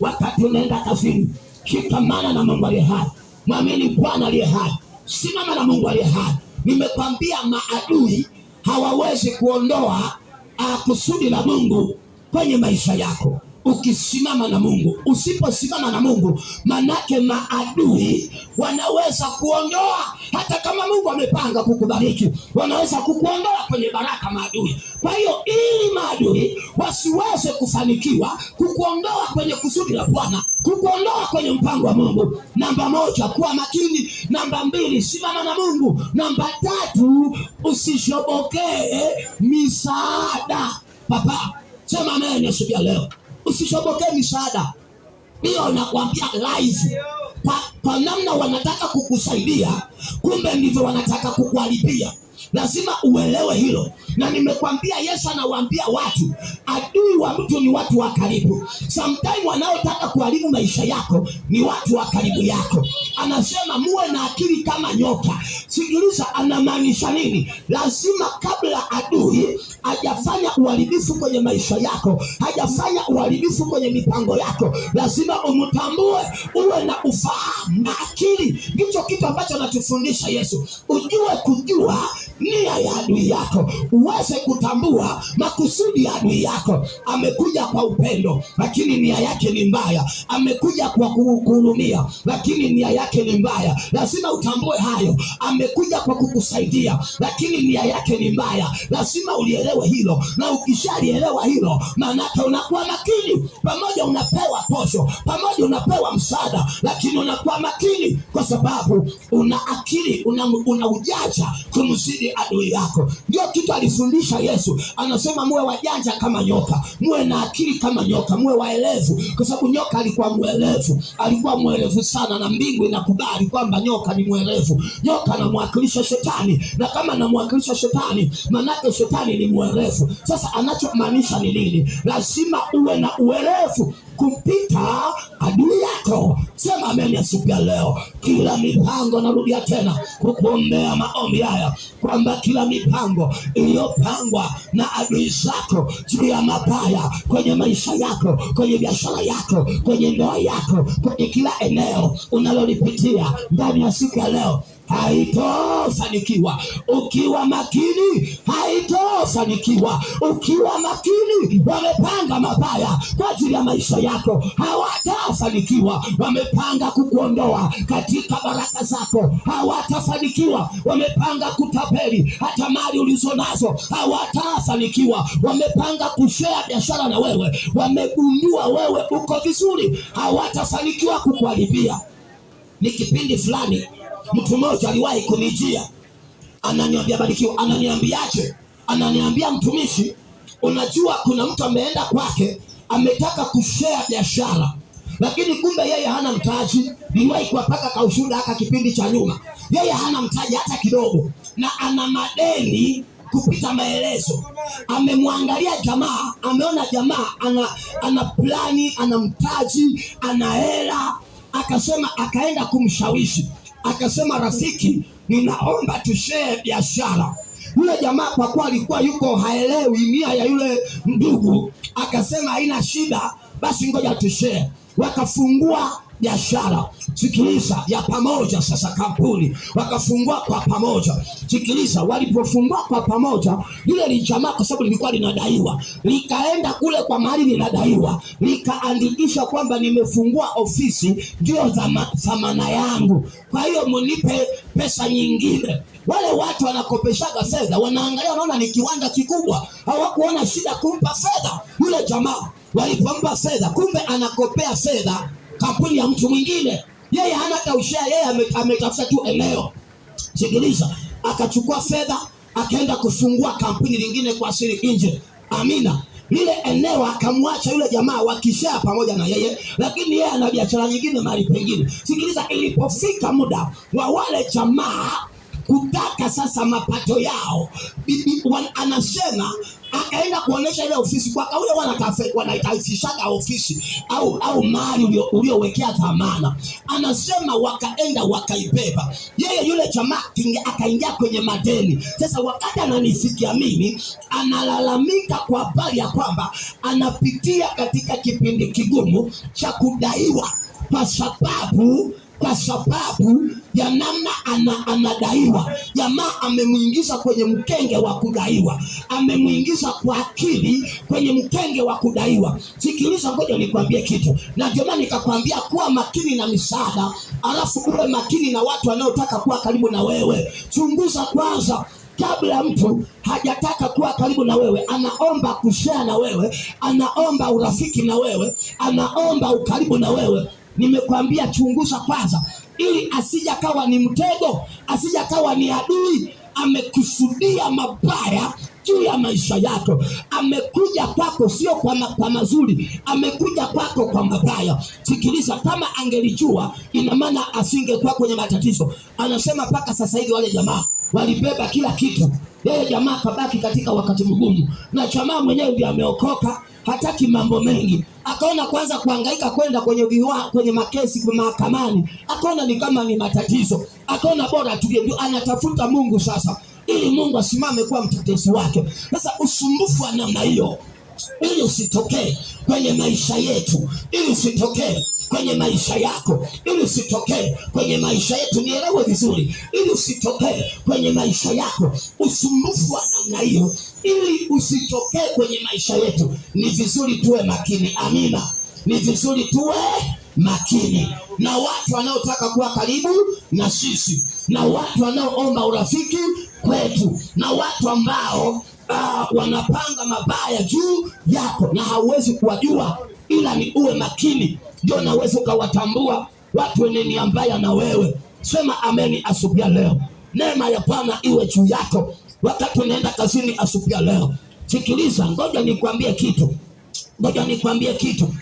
wakati unaenda kazini, shikamana na Mungu aliye hai, mwamini Bwana aliye hai, simama na Mungu aliye hai. Nimekwambia maadui hawawezi kuondoa ah, kusudi la Mungu kwenye maisha yako ukisimama na Mungu. Usiposimama na Mungu, manake maadui wanaweza kuondoa, hata kama Mungu amepanga kukubariki, wanaweza kukuondoa kwenye baraka maadui. Kwa hiyo, ili maadui wasiweze kufanikiwa kukuondoa kwenye kusudi la Bwana, kukuondoa kwenye mpango wa Mungu, namba moja, kuwa makini. Namba mbili, simama na Mungu. Namba tatu, usishobokee misaada. Papa, sema amen. Asubuhi leo usishobokee misaada. Hiyo anakuambia live kwa, kwa namna wanataka kukusaidia, kumbe ndivyo wanataka kukuharibia lazima uelewe hilo, na nimekwambia, Yesu anawaambia watu, adui wa mtu ni watu wa karibu. Sometimes wanaotaka kuharibu maisha yako ni watu wa karibu yako. Anasema muwe na akili kama nyoka. Sikiliza, anamaanisha nini? Lazima kabla adui hajafanya uharibifu kwenye maisha yako, hajafanya uharibifu kwenye mipango yako, lazima umtambue, uwe na ufahamu na akili. Ndicho kitu ambacho anatufundisha Yesu, ujue kujua nia ya adui yako, uweze kutambua makusudi ya adui yako. Amekuja kwa upendo, lakini nia yake ni mbaya. Amekuja kwa kuhurumia, lakini nia yake ni mbaya. Lazima utambue hayo. Amekuja kwa kukusaidia, lakini nia yake ni mbaya. Lazima ulielewe hilo, na ukishalielewa hilo, maanake unakuwa makini. Pamoja unapewa posho, pamoja unapewa msaada, lakini unakuwa makini, kwa sababu una akili una, una ujaja kumzidi ili adui yako. Ndio kitu alifundisha Yesu, anasema muwe wajanja kama nyoka, muwe na akili kama nyoka, muwe waelevu, kwa sababu nyoka alikuwa mwelevu, alikuwa mwelevu sana, na mbingu inakubali kwamba nyoka ni mwelevu. Nyoka anamwakilisha shetani, na kama anamwakilisha shetani, maanake shetani ni mwelevu. Sasa anachomaanisha ni nini? Lazima uwe na uelevu kumpita adui yako. Sema amen ya siku ya leo. Kila mipango, narudia tena kukuombea maombi haya, kwamba kila mipango iliyopangwa na adui zako juu ya mabaya kwenye maisha yako, kwenye biashara yako, kwenye ndoa yako, kwenye kila eneo unalolipitia ndani ya siku ya leo haitofanikiwa. Ukiwa makini haitofanikiwa. Ukiwa makini, wamepanga mabaya kwa ajili ya maisha yako, hawatafanikiwa. Wamepanga kukuondoa katika baraka zako, hawatafanikiwa. Wamepanga kutapeli hata mali nazo hawatafanikiwa. Wamepanga kushea biashara na wewe, wamegundua wewe uko vizuri, hawatafanikiwa kukuharibia ni kipindi fulani mtu mmoja aliwahi kunijia, ananiambia Barikiwa, ananiambiaje? Ananiambia mtumishi, unajua kuna mtu ameenda kwake, ametaka kushare biashara lakini kumbe yeye hana mtaji. niwahi kuwapaka kaushunda haka kipindi cha nyuma, yeye hana mtaji hata kidogo, na ana madeni kupita maelezo. Amemwangalia jamaa, ameona jamaa ana ana plani, ana mtaji, ana hela, akasema, akaenda kumshawishi akasema, rafiki, ninaomba tushee biashara. Yule jamaa kwa kuwa alikuwa yuko haelewi mia ya yule ndugu, akasema haina shida, basi ngoja tushee. Wakafungua biashara sikiliza, ya pamoja sasa, kampuni wakafungua kwa pamoja. Sikiliza, walipofungua kwa pamoja, lile lijamaa kwa sababu lilikuwa linadaiwa, likaenda kule kwa mahali linadaiwa, likaandikisha kwamba nimefungua ofisi, ndio thamana yangu, kwa hiyo mnipe pesa nyingine. Wale watu wanakopeshaga fedha wanaangalia, wanaona ni kiwanda kikubwa, hawakuona shida kumpa fedha yule jamaa. Walipompa fedha, kumbe anakopea fedha kampuni ya mtu mwingine. Yeye hana taushea yeye ametafuta tu eneo. Sikiliza, akachukua fedha akaenda kufungua kampuni lingine kwa siri nje. Amina. Lile eneo akamwacha yule jamaa wakishaa pamoja na yeye, lakini yeye ana biashara nyingine mahali pengine. Sikiliza, ilipofika muda wa wale jamaa kutaka sasa mapato yao. Bibi anasema akaenda kuonesha ile ofisi kwaka ule wanataifishaga ofisi au au mali uliowekea dhamana. Anasema wakaenda wakaibeba, yeye yule jamaa akaingia kwenye madeni. Sasa wakati ananifikia mimi, analalamika kwa habari ya kwamba anapitia katika kipindi kigumu cha kudaiwa kwa sababu kwa sababu ya namna ana, anadaiwa. Jamaa amemwingiza kwenye mkenge wa kudaiwa, amemwingiza kwa akili kwenye mkenge wa kudaiwa. Sikiliza, ngoja nikwambie kitu, na ndio maana nikakwambia kuwa makini na misaada, alafu uwe makini na watu wanaotaka kuwa karibu na wewe. Chunguza kwanza kabla mtu hajataka kuwa karibu na wewe, anaomba kushare na wewe, anaomba urafiki na wewe, anaomba ukaribu na wewe Nimekwambia chunguza kwanza, ili asija kawa ni mtego, asija kawa ni adui amekusudia mabaya juu ya maisha yako. Amekuja kwako sio kwa, ma, kwa mazuri, amekuja kwako kwa mabaya. Sikiliza, kama angelijua, ina maana asingekuwa kwenye matatizo. Anasema mpaka sasa hivi wale jamaa walibeba kila kitu, yeye jamaa kabaki katika wakati mgumu, na jamaa mwenyewe ndiye ameokoka hataki mambo mengi. Akaona kwanza kuhangaika kwenda kwenye viwa, kwenye makesi mahakamani, akaona ni kama ni matatizo, akaona bora atulie. Ndio anatafuta Mungu sasa, ili Mungu asimame kuwa mtetezi wake. Sasa usumbufu wa namna hiyo, ili usitokee kwenye maisha yetu, ili usitokee kwenye maisha yako, ili usitokee kwenye maisha yetu, nielewe vizuri, ili usitokee kwenye maisha yako usumbufu wa namna hiyo, ili usitokee kwenye maisha yetu, ni vizuri tuwe makini. Amina, ni vizuri tuwe makini na watu wanaotaka kuwa karibu na sisi na watu wanaoomba urafiki kwetu na watu ambao uh, wanapanga mabaya juu yako na hauwezi kuwajua, ila ni uwe makini, ndio naweza ukawatambua watu wenye nia mbaya na wewe. Sema ameni asubia leo. Neema ya Bwana iwe juu yako wakati unaenda kazini asubuhi ya leo. Sikiliza, ngoja nikwambie kitu, ngoja nikwambie kitu.